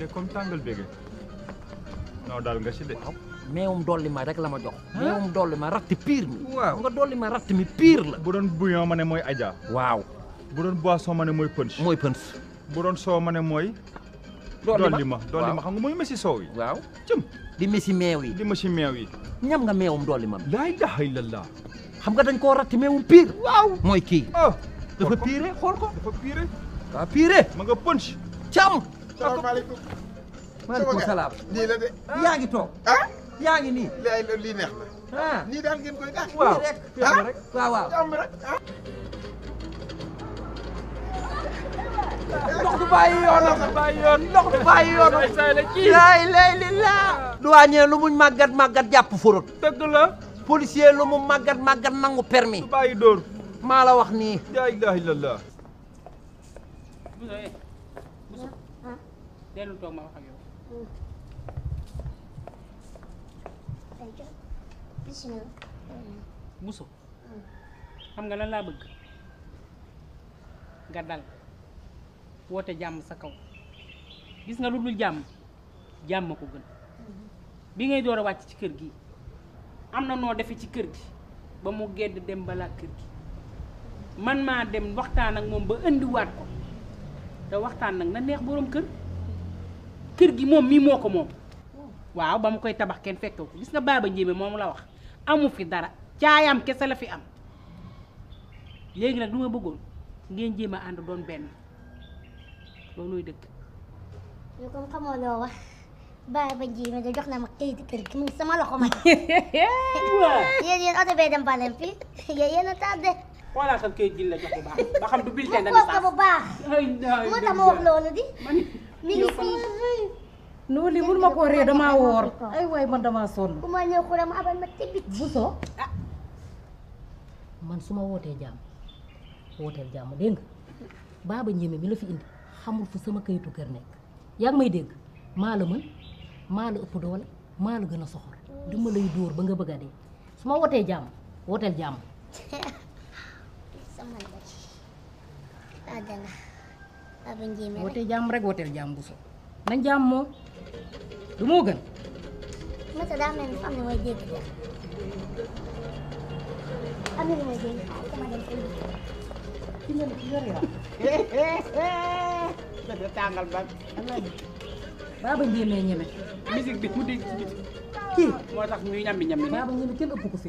de comme tàngal bége non daal nga si de. waaw meewum dolli ma rek la ma jox. meewum dolli ma ratt piir mi. waaw ma ratt mi piir la. doon bouillon ma ne mooy Adja. waaw. bu doon boisson ma ne mooy punch. mooy punch. bu doon soow ne mooy. dolli ma dolli ma xam nga mooy messi soow yi. waaw cëm. di messi meew yi. di messi yi. ñam nga meewum dolli ma. laa ilaaha illallaah. xam nga dañ koo ratt meewum piir. mooy kii. Oh. dafa piire xool ko dafa piire. ma nga punch. cam. salaamaaleykum. maaleykum salaam. nii la de. Ah. yaa ngi toog. Ah. yaa ngi nii. lii neex na. ah nii daal ngeen koy def. waaw ah. waaw ndox du bàyyi yoon ndox du bàyyi yoon ndox du bàyyi yoon. lu mu màggat màggat jàpp forot. dëgg la. policier lu mu màggat màggat nangu permis. du bàyyi dóor. maa la wax nii. dellul toog ma wax ak yow. Bousso xam nga lan laa bëgg nga dal woote jàmm sa kaw gis nga lu dul jàmm jàmm ko gën bi ngay door a wàcc ci kër gi am na noo defe ci kër gi ba mu gedd dem balaa kër gi man maa dem waxtaan ak moom ba indiwaat ko te waxtaan nag na neex boroom kër kër gi moom mii moo ko moom waaw ba mu koy tabax kenn fekkew ko gis nga baaba njéeme moom la wax amu fi dara caayam kese la fi am léegi nag lu ma bëggoon ngeen jéem a ànd doon benn loolooy dëkk yow comme xamoo loo wax baaba njéeme da jox na ma këyit kër gi mu ngi sama loxo ma yéen yéen oto bee dem balem fii yéen yéen a tardé këyit gi la jox bu baax ba xam du bulletin de naissance bu baax moo tax ma wax loolu di mi ngi fii non lii mun ma koo ree damaa woor ay waay man damaa sonn. ku ma ñëw ku ma abal ma tibit. bu soo ah. man su ma wootee jàmm wooteel jàmm dégg nga baaba ñeme mi la fi indi xamul fu sama kayitu kër nekk yaa may dégg maa la la ëpp doole la gën a soxor duma ba nga bëgg a dee su ma wootee jàmm wooteel jàmm. wootee jàmm rek wooteel jàmm bu so nañ jàmm moom du moo gën. Moussa daa mel ni am na mooy dégg am na mooy dégg ci ngeen yor yor. dëgg la tàngal ba baaba njéemee ñeme. musique bi ku dégg ci biti. kii moo tax ñuy ñambi ñambi. baaba njéemee kenn ëpp ko fi.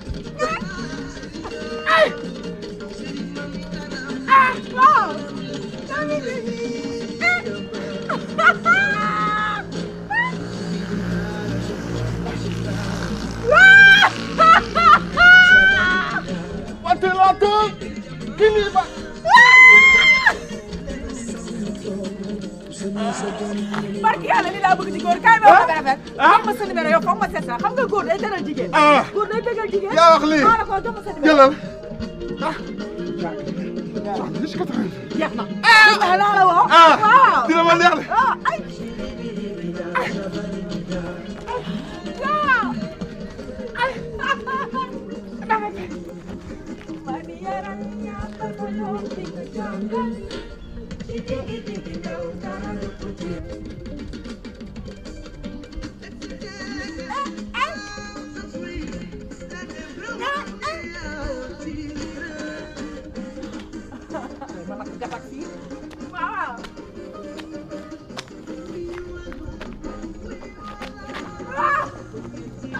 ma sa numéro yow foog ma seet la xam nga góor day dëral jigéen. ah góor day dëgal jigéen. yaa wax lii maa ko jox ma sa numéro jëlal ah. jeex na. ah laa la woo. ah dina ma neex de. ay. ay.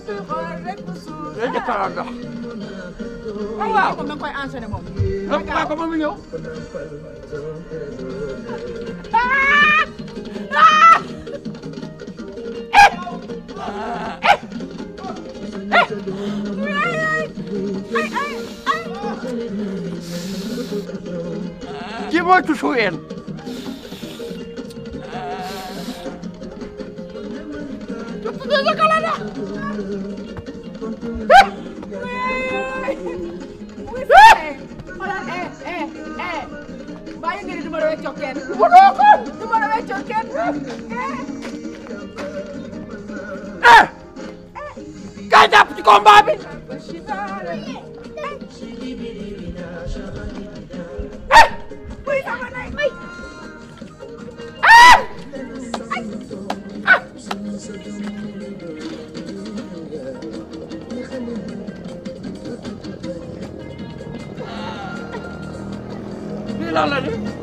dafay xool rek bu suuf. day jot a dox. waaw waaw moom da nga koy enchaîner moom. donc maa ko moom mi ñëw. ci mooy tusu yéen. Yakalandı. Xoolal eh eh eh bàyyi nga ni du ma la weccoo kenn. mënoo ko. du ma la weccoo kenn. eh. kaay jàpp ci combat bi. lan la de